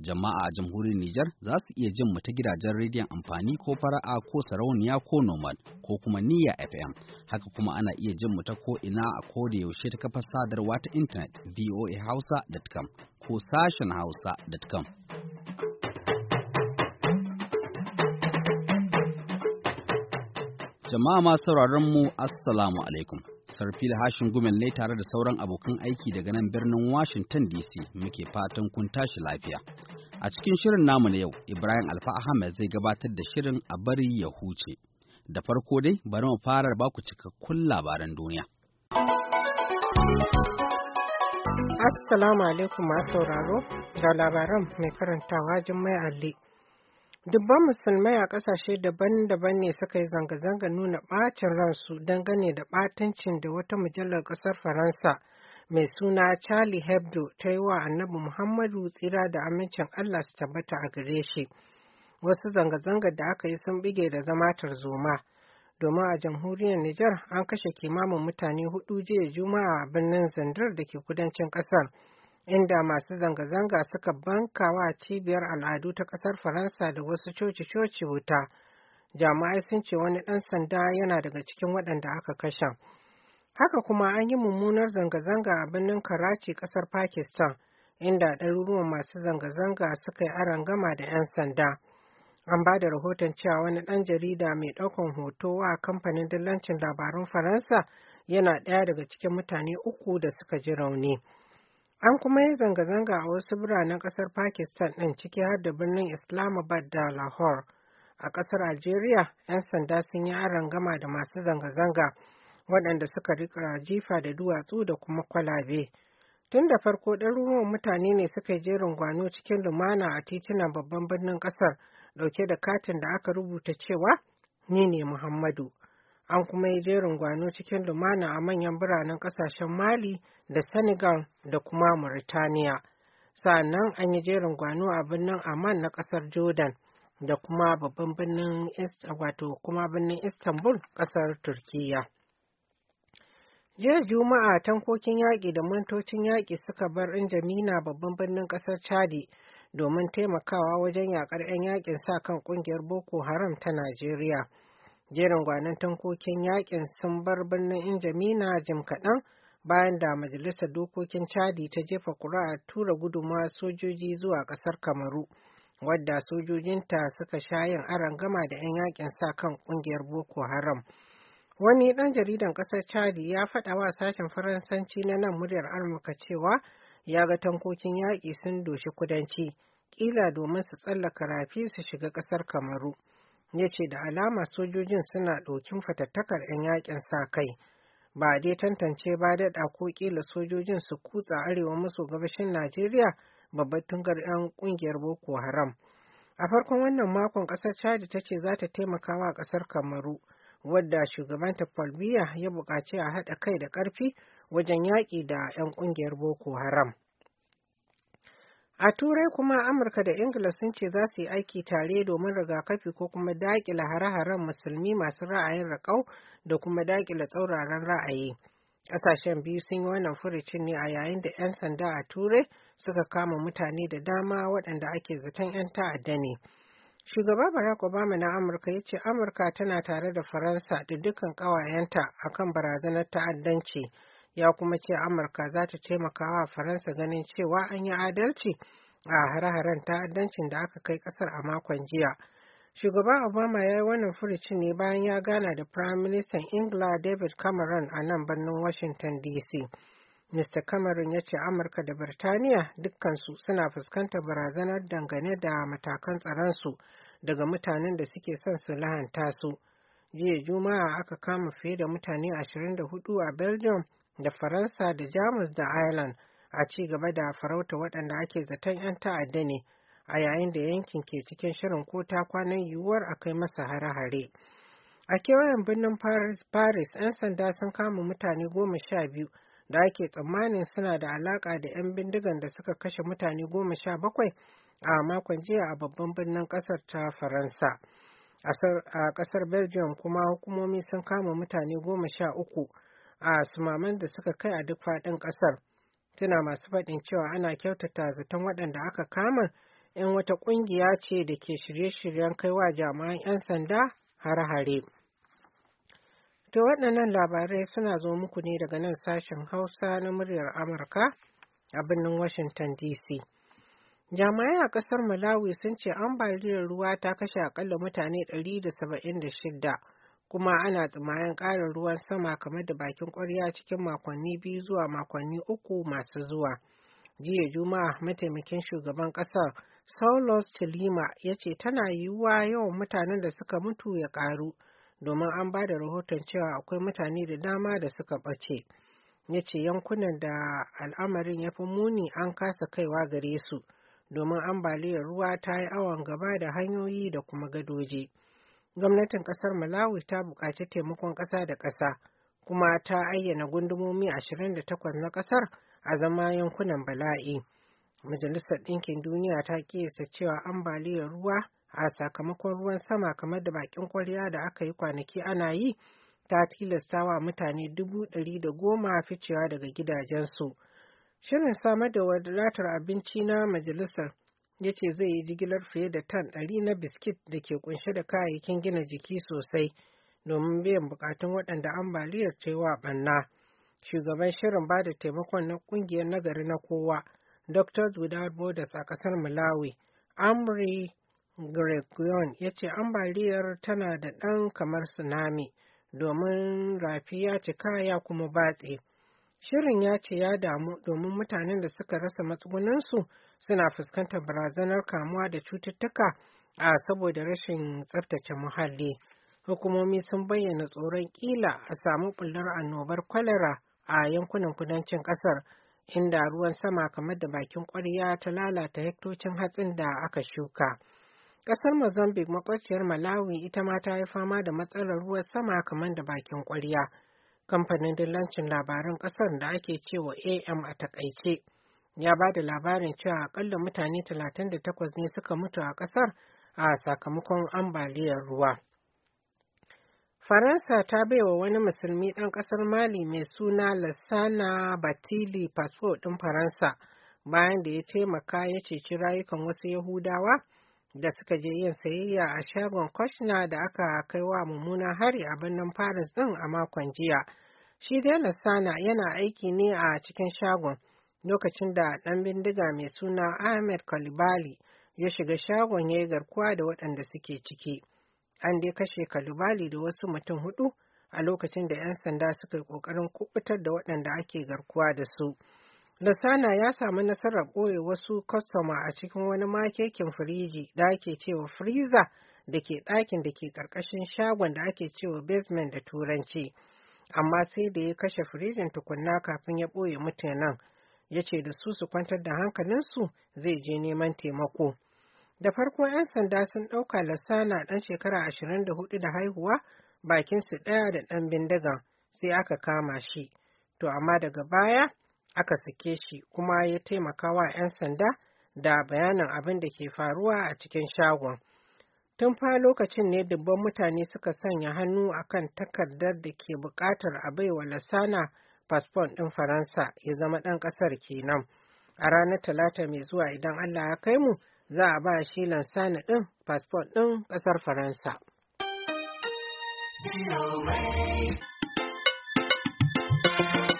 Jama'a a jamhuriyar Nijar za su iya jin mu ta gidajen rediyon amfani ko fara'a ko sarauniya ko nomad ko kuma niyya FM. Haka kuma ana iya jin mu ta ko ina a ko yaushe ta kafar sadarwa ta intanet voahausa.com ko sashen hausa.com. Jama'a ma sauraron mu Assalamu alaikum. Sarfil Hashin Gumel ne tare da sauran abokan aiki daga nan birnin Washington DC muke fatan kun tashi lafiya. A cikin shirin namu na yau, Ibrahim Alfa Ahmed zai gabatar da shirin a bari ya huce. Da farko dai bari mu fara baku cikakkun labaran duniya. Assalamu alaikum a sauraro da labaran mai karantawa Jummai Ali. Dubban musulmai a ƙasashe daban-daban ne suka yi zanga-zanga nuna ɓacin ransu dangane da ɓatancin da wata mujallar ƙasar Faransa mai suna Charlie Hebdo ta yi wa Annabi Muhammadu tsira da amincin Allah su tabbata a gare shi. Wasu zanga zanga da aka yi sun bige da zama tarzoma. Domin a jamhuriyar Nijar an kashe kimamin mutane hudu jiya Juma'a a birnin Zandar da ke kudancin kasar, inda masu zanga-zanga suka bankawa cibiyar al'adu ta kasar Faransa da wasu coci-coci wuta. Jama'ai sun ce wani ɗan sanda yana daga cikin waɗanda aka kashe. Haka kuma an yi mummunar zanga-zanga a birnin Karachi kasar Pakistan inda ɗaruruwan masu zanga-zanga suka yi arangama da 'yan sanda. An ba da rahoton cewa wani ɗan jarida mai ɗaukan hoto a kamfanin dillancin labarun Faransa yana ɗaya daga cikin mutane uku da suka ji rauni. An kuma yi zanga-zanga a wasu biranen ƙasar Pakistan ɗin ciki har da birnin Islamabad da Lahore. A ƙasar Algeria, 'yan sanda sun yi arangama da masu zanga-zanga. waɗanda suka rika jifa da duwatsu da kuma kwalabe. Tun da farko ɗaruruwan mutane ne suka je rungwano cikin lumana a titunan babban birnin ƙasar ɗauke da katin da aka rubuta cewa ni ne Muhammadu. An kuma yi jerin gwano cikin lumana a manyan biranen ƙasashen Mali da Senegal da kuma Mauritania. Sa'annan an yi jerin gwano a birnin Amman na ƙasar Jordan da kuma babban birnin wato kuma birnin Istanbul ƙasar Turkiyya. Jiya Juma'a tankokin yaƙi da mantocin yaƙi suka bar Injamina babban birnin ƙasar Chadi domin taimakawa wajen yaƙar 'yan yaƙin sa kan ƙungiyar Boko Haram ta Najeriya. Jerin gwanan tankokin yaƙin sun bar birnin Injamina jim kaɗan bayan da Majalisar Dokokin Chadi ta jefa ƙuri'a tura guduma sojoji zuwa ƙasar Kamaru, wadda sojojinta suka sha yin gama da 'yan yaƙin sa kan ƙungiyar Boko Haram. Wani ɗan jaridan ƙasar Chadi ya faɗa wa sashen Faransanci na nan muryar Amurka cewa ya ga tankokin yaƙi sun doshi kudanci, ƙila domin su tsallaka rafi su shiga ƙasar Kamaru. Ya ce da alama sojojin suna ɗokin fatattakar 'yan yaƙin sa kai. Ba dai tantance ba daɗa ko ƙila sojojin su kutsa arewa maso gabashin Najeriya babban tungar 'yan ƙungiyar Boko Haram. A farkon wannan makon ƙasar Chadi ta ce za ta taimaka wa ƙasar Kamaru. wadda shugabanta Paul Biya ya buƙaci a haɗa kai da ƙarfi wajen yaƙi da 'yan ƙungiyar Boko Haram. A Turai kuma Amurka da Ingila sun ce za su yi aiki tare domin rigakafi ko kuma daƙila hare-haren musulmi masu ra'ayin raƙau da kuma daƙila tsauraran ra'ayi. Ƙasashen biyu sun yi wannan furucin ne a yayin da 'yan sanda a Turai suka kama mutane da dama waɗanda ake zaton 'yan ta'adda ne. Shugaba Barack Obama na Amurka ya ce Amurka tana tare da Faransa da dukkan ƙawayenta kan barazanar ta'addanci. Ya kuma ce Amurka za ta taimaka wa Faransa ganin cewa an yi adalci a hare-haren ta'addancin da aka kai ƙasar a makon jiya. Shugaba Obama ya yi wannan furucin ne bayan ya gana da Prime Minister Ingila David Cameron a nan birnin Washington DC. Mr. Cameron ya ce Amurka da Birtaniya dukkansu suna fuskantar barazanar dangane da matakan tsaronsu daga mutanen da suke son su lahanta su. Jiya Juma'a aka kama fiye da mutane ashirin da hudu a Belgium da Faransa da Jamus da Ireland a ci gaba da farauta waɗanda ake zaton 'yan ta'adda ne a yayin da yankin ke cikin shirin ko ta kwanan yiwuwar a kai masa hare-hare. A kewayen birnin Paris, 'yan sanda sun kama mutane goma sha biyu da ake tsammanin suna da alaƙa da 'yan bindigan da suka kashe mutane goma sha bakwai a makon jiya a babban birnin kasar ta faransa a kasar belgium kuma hukumomi sun kama mutane goma sha uku a sumaman da suka kai a duk faɗin kasar tana masu faɗin cewa ana kyautata zaton waɗanda aka kama 'yan wata ƙungiya ce da ke shirye-shiryen kaiwa jami'an 'yan sanda hare-hare. To waɗannan labarai suna zo muku ne daga nan sashen Hausa na muryar Amurka a birnin Washington DC. Jami'ai a ƙasar Malawi sun ce ambaliyar ruwa ta kashe akalla mutane 176 kuma ana tsimayen ƙarin ruwan sama kamar da bakin ƙwarya cikin makonni biyu zuwa makonni uku masu zuwa. Jiya Juma'a mataimakin shugaban ƙasar Saulos Chilima ya ce tana yiwuwa yawan mutanen da suka mutu ya ƙaru domin an ba da rahoton cewa akwai mutane da dama da suka ɓace. Ya ce yankunan da al'amarin ya fi muni an kasa kaiwa gare su. domin ambaliyar ruwa ta yi awon gaba da hanyoyi da kuma gadoji. Gwamnatin ƙasar Malawi ta buƙaci taimakon ƙasa da ƙasa kuma ta ayyana gundumomi 28 na ƙasar a zama yankunan bala'i. Majalisar Ɗinkin Duniya ta kiyasta cewa ambaliyar ruwa a sakamakon ruwan sama kamar da bakin kwarya da aka yi kwanaki ana yi ta tilasta wa mutane dubu ɗari da goma ficewa daga gidajensu. Shirin samar da wadatar abinci na majalisar ya ce zai yi jigilar fiye da tan ɗari na biskit da ke kunshe da kayayyakin gina jiki sosai domin biyan bukatun waɗanda ambaliyar cewa ɓanna. Shugaban shirin ba da taimakon na ƙungiyar nagari na kowa, Doctors Without Borders a ƙasar Malawi, Amri Gregoyon ya ce ambaliyar tana da ɗan kamar tsunami domin rafi ya cika ya kuma batse. Shirin ya ce ya damu domin mutanen da suka rasa matsugunansu suna fuskantar barazanar kamuwa da cututtuka a saboda rashin tsaftace muhalli. Hukumomi sun bayyana tsoron kila a samu bullar annobar kwalara a yankunan kudancin kasar inda ruwan sama kamar da bakin kwarya ta lalata hektocin hatsin da aka shuka. Kasar Mozambique makwaciyar Malawi ita ma ta yi fama da matsalar ruwan sama kamar da bakin kwarya. kamfanin dillancin labaran ƙasar da ake cewa am a takaice ya ba da labarin cewa akalla mutane 38 ne suka mutu a ƙasar a sakamakon ambaliyar ruwa faransa ta baiwa wani musulmi ɗan ƙasar mali mai suna lassana batili fasfo ɗin faransa bayan da ya taimaka ya ceci rayukan wasu yahudawa da suka je yin sayayya a shagon Koshna da aka kai wa mummunan hari a birnin paris din a makon jiya shi dai lassana yana aiki ne a cikin shagon lokacin da ɗan bindiga mai suna ahmed kalibali ya shiga shagon ya yi garkuwa da waɗanda suke ciki an dai kashe kalibali da wasu mutum hudu a lokacin da 'yan sanda suka yi ƙoƙarin kubutar da waɗanda ake garkuwa da su. Lasana ya samu nasarar ɓoye wasu kwastoma a cikin wani makekin firiji da ake cewa friza da ke ɗakin da ke ƙarƙashin shagon da ake cewa basement da turanci. Amma sai da ya kashe firijin tukunna kafin ya ɓoye mutanen. Ya ce da su su kwantar da hankalinsu zai je neman taimako. Da farko 'yan sanda sun ɗauka Lasana ɗan shekara ashirin da hudu da haihuwa bakinsu ɗaya da ɗan bindigan sai aka kama shi. To amma daga baya aka sake shi kuma ya taimaka wa 'yan sanda da bayanin abin da ke faruwa a cikin shagon. Tun fa lokacin ne dubban mutane suka sanya hannu a kan takardar da ke buƙatar a baiwa Lasana fasfon ɗin Faransa ya zama ɗan ƙasar kenan. A ranar Talata mai zuwa idan Allah ya kai mu za a ba shi Lansana ɗin fasfon ɗin ƙasar Faransa. Thank you.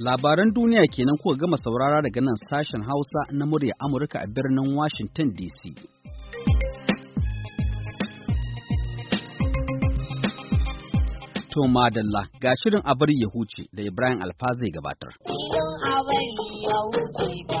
Labaran duniya kenan kuka gama saurara daga nan sashen Hausa na murya Amurka a birnin Washington DC. To madalla ga shirin a bari ya huce da Ibrahim Alfa zai gabatar. Shirin a bari ya huce da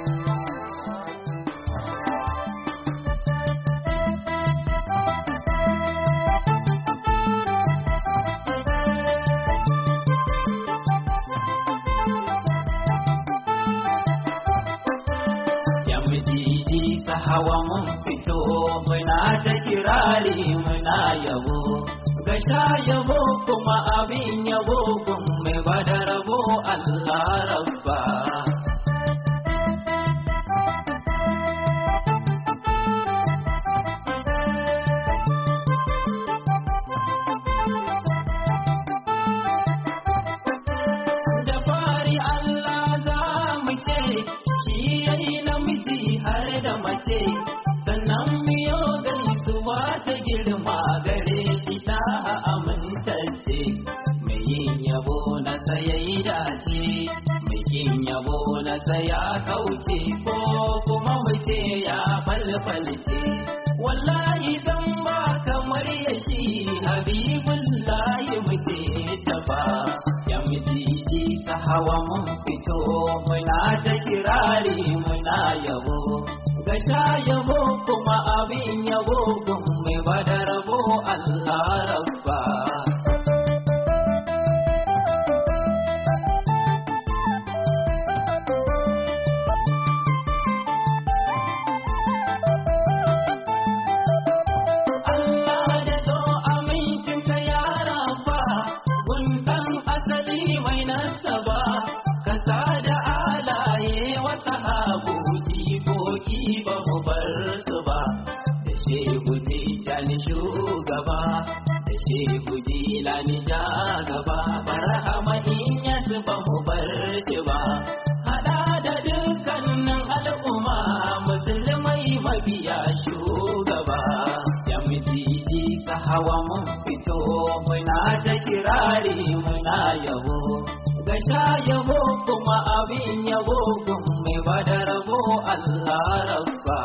hawa mun fito muna ta kirari muna yabo ga sha yabo kuma abin yabo kun mai bada rabo Allah rabo da ya kauce ko kuma mu ce ya falfalce wallahi dan ba kamar ya shi habibullahi mu ce ta ba ya miji ka hawa mun fito muna ta kirari muna yabo abin yabo gun rabo Allah rabba.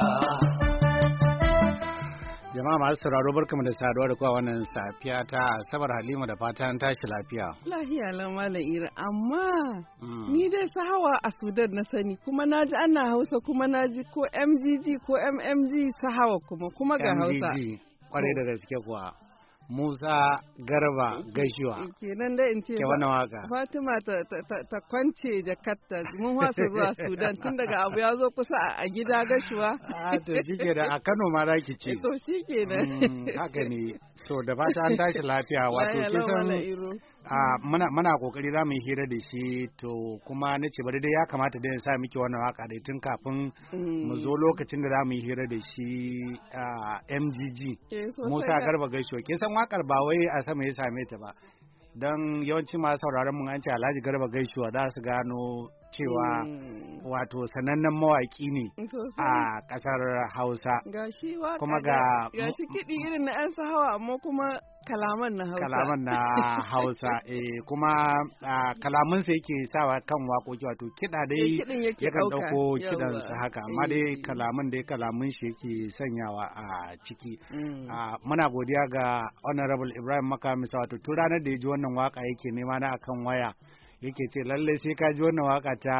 jama'a masu sauraro barkamu da saduwa da kuwa wannan safiya ta asabar halima da fatan tashi lafiya lama da ira amma hmm. ni dai sahawa a sudan na sani kuma na ji ana hausa kuma na ji ko mgg ko mmg sahawa kuma kuma ga hausa kwarai da gaske kuwa Musa Garba Gashiwa. Kenan dai in ce waka. Fatima ta kwance jakarta mun wasa zuwa Sudan tun daga abu ya zo kusa a gida Gashiwa. A ah, to da a Kano ma za ki ce. To shikenan. Mm, haka ne. To da fata an tashi lafiya wato kisan a muna muna kokari za mu yi hira da shi to kuma na ce bari dai ya kamata da sa miki wannan waka dai tun kafin mu zo mm. lokacin da za mu yi hira da shi a MGG eh, Musa Garba Gaisho kin san wakar ba wai a sama ya same ta ba dan yawanci masu sauraron mun an ce Alhaji Garba Gaisho da su gano cewa mm. wato sanannen mawaki ne a kasar hausa kuma ga kiɗi irin na 'yan sahawa amma kuma kalaman na hausa kalaman na hausa eh kuma kalaman sa yake sawa kan waƙoƙi wato kiɗa dai eh, yakan ɗauko kiɗan sa haka amma dai eh. kalaman dai kalaman shi yake sanyawa a ciki mm. muna godiya ga honorable ibrahim Makamisa wato tun ranar da ya ji wannan waka yake nema na akan waya yake ce lalle sai ka ji wannan waka ta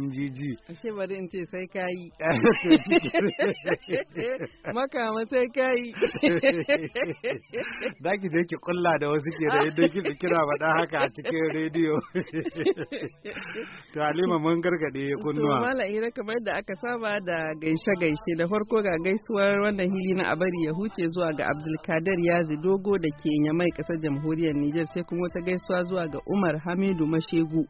mgg ashe bari in ce sai ka yi makama sai ka yi za ki je ki kulla da wasu ke da yadda ki kira faɗa haka a cikin rediyo to halima mun gargaɗe kunnuwa to mala ira kamar da aka saba da gaishe gaishe da farko ga gaisuwar wannan hili na abari ya huce zuwa ga abdulkadir yazi dogo da ke nyamai ƙasar jamhuriyar niger sai kuma wata gaisuwa zuwa ga umar hamidu mashi Shegu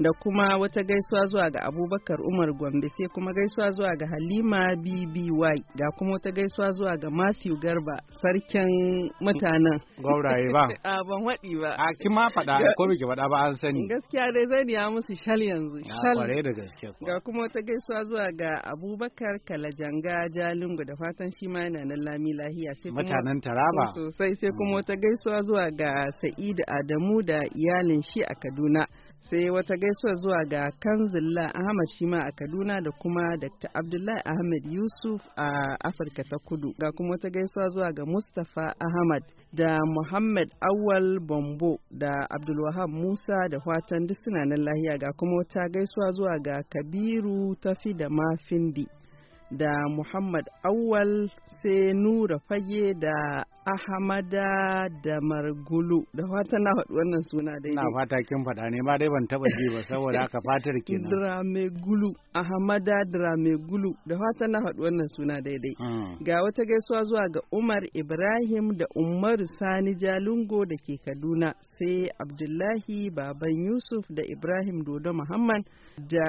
da kuma wata gaisuwa zuwa ga abubakar umar gombe sai kuma gaisuwa zuwa ga halima bby ga kuma wata gaisuwa zuwa ga matthew garba sarkin mutanen gwauraye ba a ban waɗi ba a kima faɗa ko ke faɗa ba an sani gaskiya dai zai ya musu shal yanzu shal kware da gaske ga kuma wata gaisuwa zuwa ga abubakar kalajanga jalingu da fatan shi ma yana nan lami lahiya sai mutanen taraba oh, sosai sai kuma mm. wata gaisuwa zuwa ga sa'id adamu da iyalin shi a kaduna sai wata gaisuwa zuwa ga kanzilla ahmad shima a kaduna da kuma dr abdullahi ahmad yusuf a afirka ta kudu ga kuma wata gaisuwa zuwa ga mustapha ahmad da muhammad awal bombo da abdulwahab musa da watan duk suna nan lahiya ga kuma wata gaisuwa zuwa ga kabiru tafi da mafindi da muhammad awal sai nura fage da Ahamada da Margulu da fata na faɗi wannan suna daidai. Na fata kin faɗa ne ma dai ban taɓa ji ba saboda haka fatar kenan. Dramegulu Ahmada Dramegulu da fata na faɗi wannan suna daidai. Hmm. Ga wata gaisuwa zuwa ga Umar Ibrahim da Umar Sani Jalungo da ke Kaduna sai Abdullahi Baban Yusuf da Ibrahim Dodo Muhammad da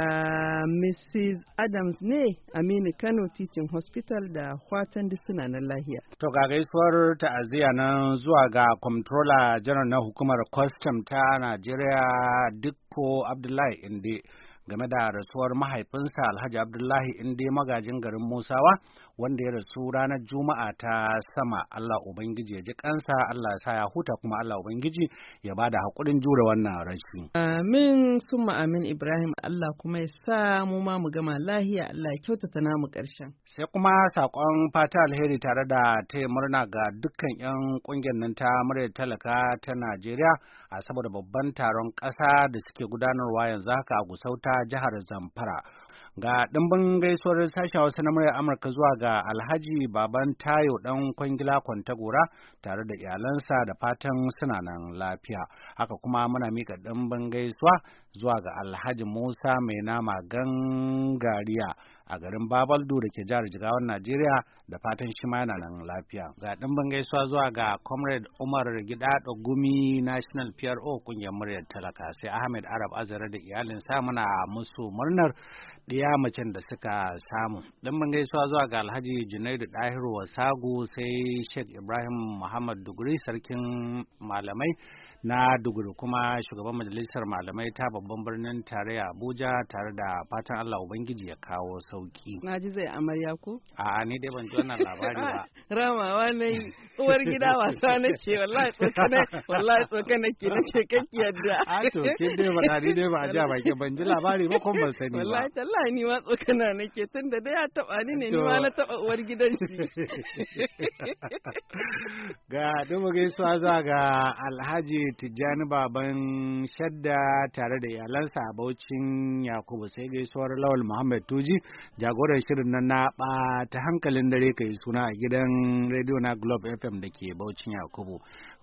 Mrs. Adams ne Aminu Kano Teaching Hospital da Kwatan suna na lahiya. To ga gaisuwar ta'aziyya nan zuwa ga Comptroller General na hukumar Custom ta Najeriya Dikko Abdullahi Inde game da rasuwar mahaifinsa Alhaji Abdullahi Inde magajin garin Musawa wanda ya rasu ranar Juma'a ta sama Allah Ubangiji ya ji kansa Allah ya sa ya huta kuma Allah Ubangiji ya ba da haƙurin jure wannan rashi. Amin summa amin Ibrahim Allah kuma ya sa mu ma mu gama lahiya Allah ya kyautata namu ƙarshen. Sai kuma saƙon fata alheri tare da taya murna ga dukkan 'yan ƙungiyar nan ta muryar talaka ta Najeriya a saboda babban taron ƙasa da suke gudanarwa yanzu haka a Gusauta jihar Zamfara. Ga ɗimbin gaisuwar sashen wasu na murya Amurka zuwa ga Alhaji Baban Tayo ɗan kwangila Kwantagora tare da iyalansa da fatan suna nan lafiya. Haka kuma muna mika ɗimbin gaisuwa zuwa ga Alhaji Musa Mai Nama Gangariya. a garin Babaldu da ke jihar Jigawar Najeriya da fatan shi ma yana nan lafiya. Ga ɗimbin gaisuwa zuwa ga Comrade Umar Gidado Gumi National PRO kungiyar muryar talaka sai Ahmed Arab Azara da iyalinsa muna musu murnar ɗiya macen da suka samu. Ɗimbin gaisuwa zuwa ga Alhaji Junaidu Dahiru Wasagu sai Sheikh Ibrahim Muhammad Duguri sarkin malamai. na duguru kuma shugaban majalisar malamai ta babban birnin tarayya abuja tare da fatan allah ubangiji ya kawo sauki na ji zai amarya ko a ni dai ban ji wannan labari ba ramawa wane uwar gida wasa na ce wallahi tsokana wallahi ke na ce kake yadda a to ke dai ba na dai ba a ji ke, ban ji labari ba kuma ban sani ba wallahi tallahi ni ma tsokana nake tunda dai ya taba ni ne ni ma na taba uwar gidan shi ga dubu gaisuwa za ga alhaji Tijjani Baban Shadda tare da iyalansa a Baucin Yakubu sai gaisuwar Lawal Muhammad Tuji jagoran shirin nan na ta hankalin dare kai suna a gidan rediyo na Globe FM da ke Baucin Yakubu.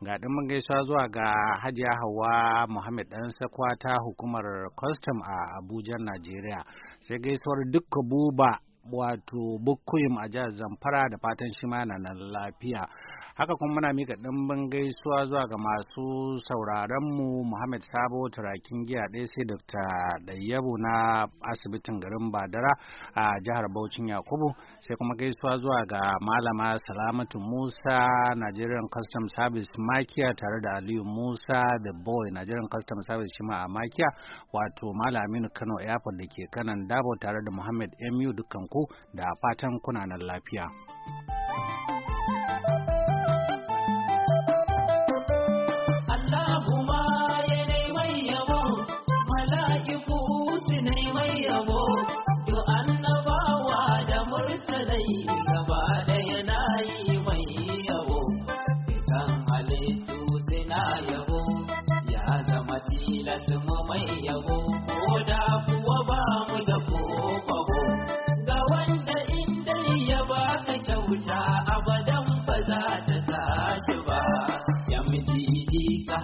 Ga mun gaisuwa zuwa ga Hajiya Hauwa Muhammad ɗan sakwa ta hukumar Custom a Abuja, Najeriya. Sai gaisuwar dukka buba wato Bukuyim a jihar Zamfara da fatan shi ma na lafiya. haka kuma muna mika ɗimbin gaisuwa zuwa ga masu sauraronmu muhammad sabo turakin giya ɗaya sai dr ɗayyabu na asibitin garin badara a jihar bauchin yakubu sai kuma gaisuwa zuwa ga malama salamatu musa nigerian custom service makiya tare da aliyu musa the boy nigerian custom service shima a makiya wato Malam Aminu kano airport da ke kanan dabo tare da muhammad mu dukkan ku da fatan kuna nan lafiya. thank you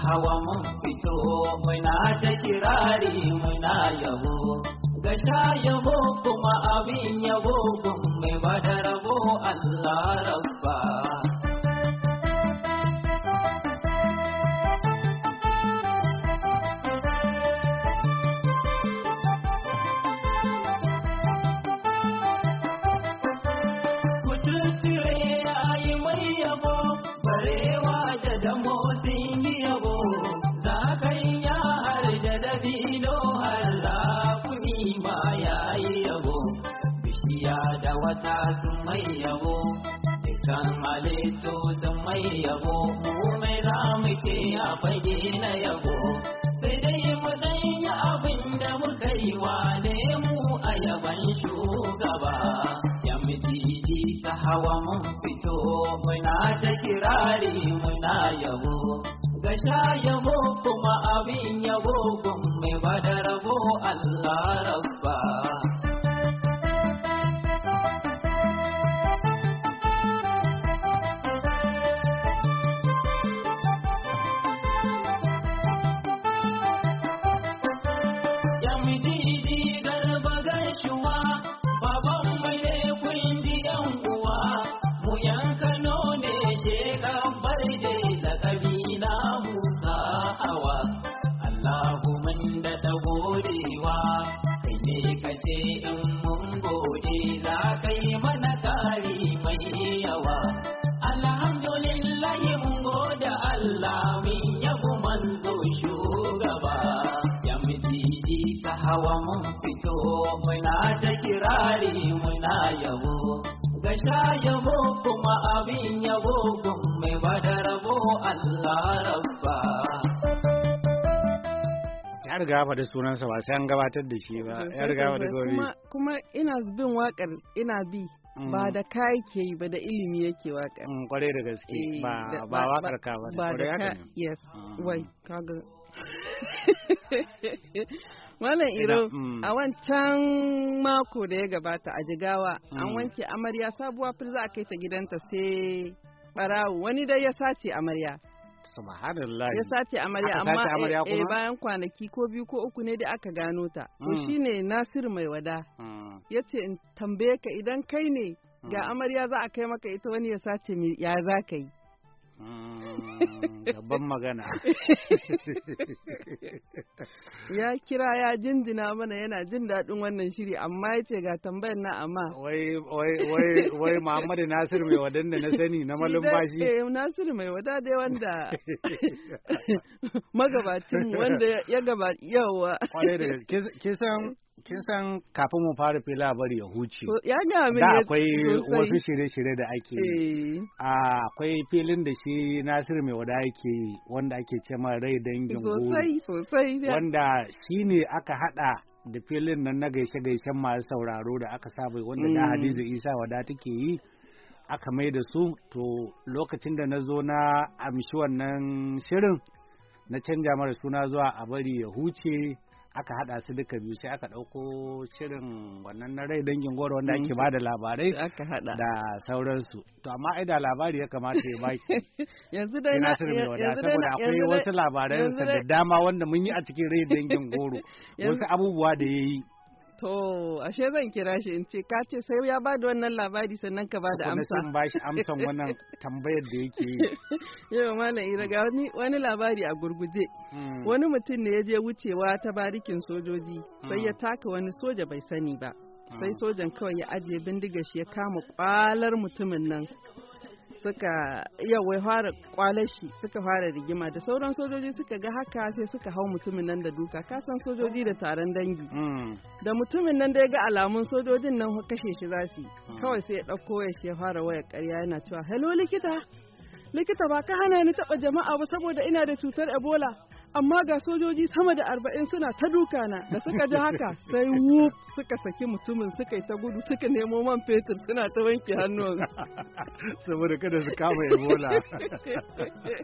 hawa mun fito muna ta kirari muna yabo ga sha yabo kuma abin yabo gun mai bada rabo Allah rabo yabo mu mai za mu ce fage na yabo sai dai mu dan yi abin da muka yi wa ne mu a yaban shugaba ya miji ta hawa mun fito muna ta kirari muna yabo ga sha yabo kuma abin yabo gun mai bada rabo Allah rabo wa mun fito muna ta kirari muna yabo ga yabo kuma abin yabo gun mai bada rabo Allah rabba ya riga faɗi sunansa ba sai an gabatar da shi ba ya riga faɗi gobe kuma ina bin waƙar ina bi mm. ba da ka ke yi ba da ilimi yake waƙar kwarai mm, da gaske ba waƙar ka ba da ka yes mm. wai kaga Malam Iro, mm. a wancan mako da ya gabata a jigawa, an mm. wanke amarya sabuwa fir za a kai ta gidanta sai barawo wani dai ya sace amarya. Subhanallah. Ya sace amarya amma eh, eh bayan kwanaki ko biyu ko uku ne da aka gano ta. Ko mm. shine Nasir mai wada. Ya ce in tambaye ka idan kai ne ga amarya za a kai maka ita wani ya sace ya za ka yi. Gaban magana. Ya kira ya jinjina mana yana jin daɗin wannan shiri amma ya ce ga tambayar na amma. Wai wai wai Muhammadu Nasiru mai wadan da na sani na malumfashi. Eh Nasiru mai wada dai wanda magabacin wanda ya gaba yawa. Kwarai da kin kin san kafin mu fara fila bari ya huce Ya da akwai wasu shirye-shirye da ake yi eh. akwai filin da shi nasiru mai wada yake wanda ake ce rai dangin sosai sosai wanda shi ne aka hada da filin nan na gaishe-gaishen masu sauraro da aka saba wanda da mm. hadiza isa wada take yi aka mai da su to lokacin da na zo na amshi wannan shirin na canja mara suna zuwa a bari ya huce aka hada su duka biyu sai aka dauko shirin wannan na rai dangin goro wanda ake mm. ba da labarai da sauransu to amma ai da labari ya kamata ya baki yanzu dai na yanzu saboda akwai wasu labarai da dama wanda mun yi a cikin rai dangin goro wasu abubuwa da yayi To, ashe zan kira shi in ce, ka ce sai ya ba da wannan labari sannan ka ba da amsa. Kuma sun ba shi amsan wannan tambayar da yake yi. Yau na Ira ga wani, labari a gurguje. Hmm. Wani mutum ne ya je wucewa ta barikin sojoji, sai ya hmm. taka wani soja bai sani ba. Sai hmm. sojan kawai ya ajiye bindigar shi ya kama kwalar mutumin nan. suka yawai fara kwalashi suka fara rigima da sauran sojoji suka ga haka sai suka hau mutumin nan da duka kasan sojoji da taron dangi mm. da mutumin nan da ya ga alamun sojojin nan kashe shi za su mm. kawai sai ya ɗauko ya shi ya fara wayar karya yana cewa hello likita likita ba ka hana ni taɓa jama'a ba saboda ina da cutar ebola amma ga sojoji sama da arba'in suna ta duka na da suka ji haka sai wuf suka saki mutumin suka yi ta gudu suka nemo man fetur suna ta wanke hannun saboda kada su kama ebola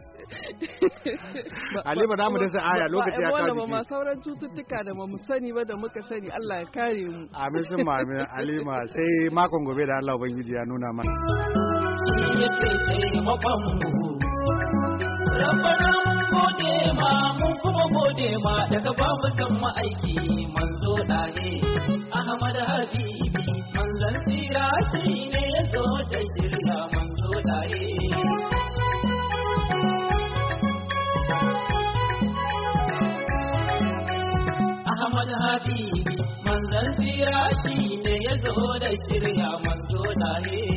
ali ba mu dasa aya lokaci ya kawo jiki ma sauran cututtuka da mu sani ba da muka sani Allah ya kare mu amin sun ma amin alima sai makon gobe da Allah ubangiji ya nuna mana Rabbana mun gode ma mun kuma gode ma daga babu san ma'aiki manzo ɗaye Ahmad Habibi manzon tsira shi ne ya zo da shirya manzo ɗaye. Ahmad Habibi manzon tsira shi ne ya zo da shirya manzo ɗaye.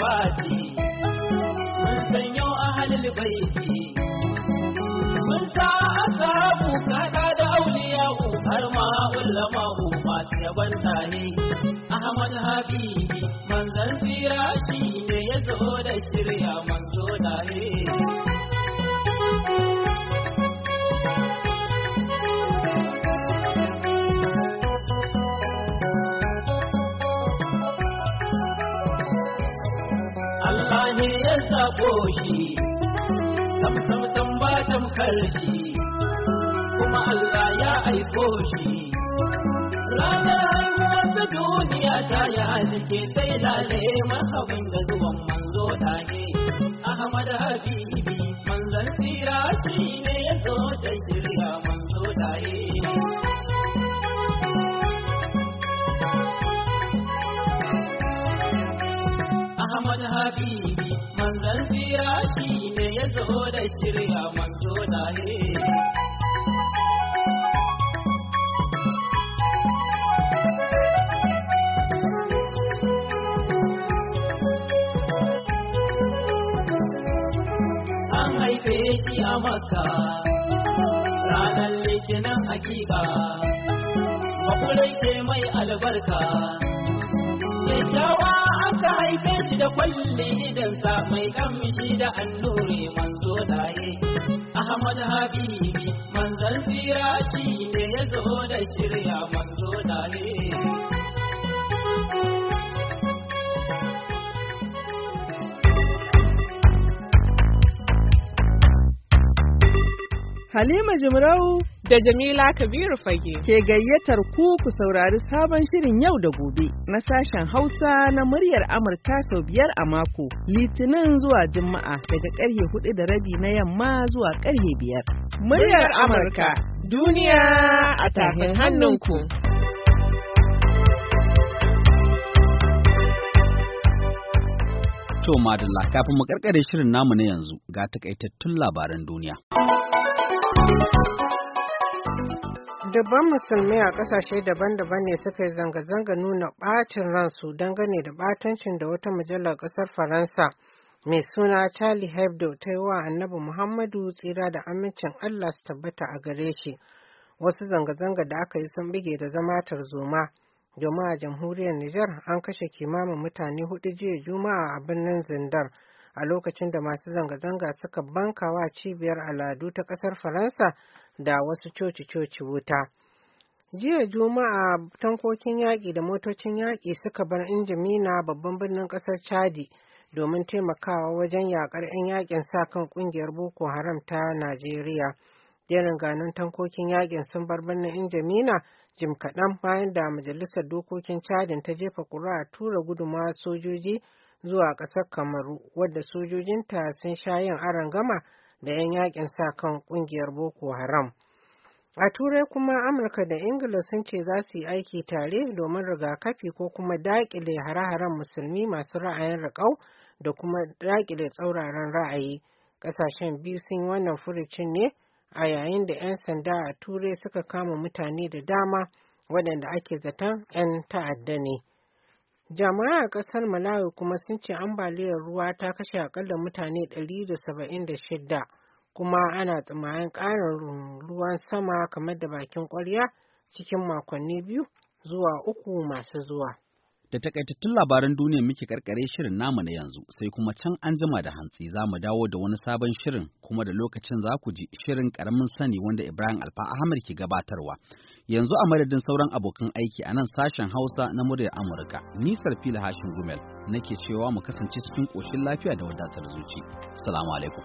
baiti mun san yau ahlul baiti mun sa ashabu kada da auliya har ma ulama masu banta goshi sam sam sam ba tamkar shi kuma Allah ya aiko shi ranar haihuwar da duniya ta yi haske sai lale mahabin da zuwan manzo ta ne Ahmad Habibi manzon sira shi ne ya zo da da shirya manzo da ne an haife shi a makka ranar litinin hakika makulai ce mai albarka kyakkyawa aka haife shi da kwalli ido shirya manzo ne Halima Jimrau da Jamila Kabiru Fage ke gayyatar ku ku saurari sabon shirin yau da gobe na sashen Hausa na muryar Amurka sau biyar a mako Litinin zuwa Juma'a daga karhe hudu da rabi na yamma zuwa karhe biyar. Muryar Amurka Duniya a tafin hannunku. To madalla kafin mu karkare shirin namu na yanzu ga takaitattun labaran duniya. Dabban musulmi a kasashe daban-daban ne suka yi zanga-zanga nuna ɓacin ransu dangane da ɓatancin da wata mujallar ƙasar Faransa mai suna Charlie Hebdo ta yi wa Annabi Muhammadu tsira da amincin Allah su tabbata a gare shi. Wasu zanga-zanga da aka yi sun bige da zama tarzoma. Jama'a jamhuriyar Nijar an kashe kimanin mutane hudu jiya Juma'a a birnin Zindar a lokacin da masu zanga-zanga suka bankawa cibiyar aladu ta ƙasar Faransa da wasu coci-coci wuta. jiya juma'a tankokin yaƙi da motocin yaƙi suka bar injimina babban birnin ƙasar chadi domin taimakawa wajen yakar 'yan yakin sa kan kungiyar boko haram ta najeriya jerin ganin tankokin yakin sun bar birnin injamina jim kaɗan bayan da majalisar dokokin cadin ta jefa ƙuri'a tura guduma sojoji zuwa ƙasar kamaru wadda sojojinta sun sha yin gama da 'yan yakin sa kan ƙungiyar boko haram a turai kuma amurka da ingila sun ce za su yi aiki tare domin rigakafi ko kuma daƙile hare-haren musulmi masu ra'ayin riƙau da kuma dakile tsauraran ra'ayi ƙasashen biyu sun yi wannan furucin ne a yayin da 'yan sanda a turai suka kama mutane da dama waɗanda ake zaton 'yan ta'adda ne jami'a a ƙasar malawi kuma sun ce ambaliyar ruwa ta kashe akalla mutane 176 kuma ana tsamayin ƙarin ruwan sama kamar da bakin ƙwarya cikin makonni biyu zuwa uku masu zuwa Da takaitattun labaran duniya muke karkare shirin namu na yanzu sai kuma can an jima da hantsi za mu dawo da wani sabon shirin kuma da lokacin za ku ji shirin karamin sani wanda Ibrahim Alfa Ahmad ke gabatarwa. Yanzu a madadin sauran abokan aiki a nan sashen Hausa na muryar Amurka, nisar fila hashin gumel nake cewa mu kasance cikin koshin lafiya da wadatar zuci. Salamu alaikum.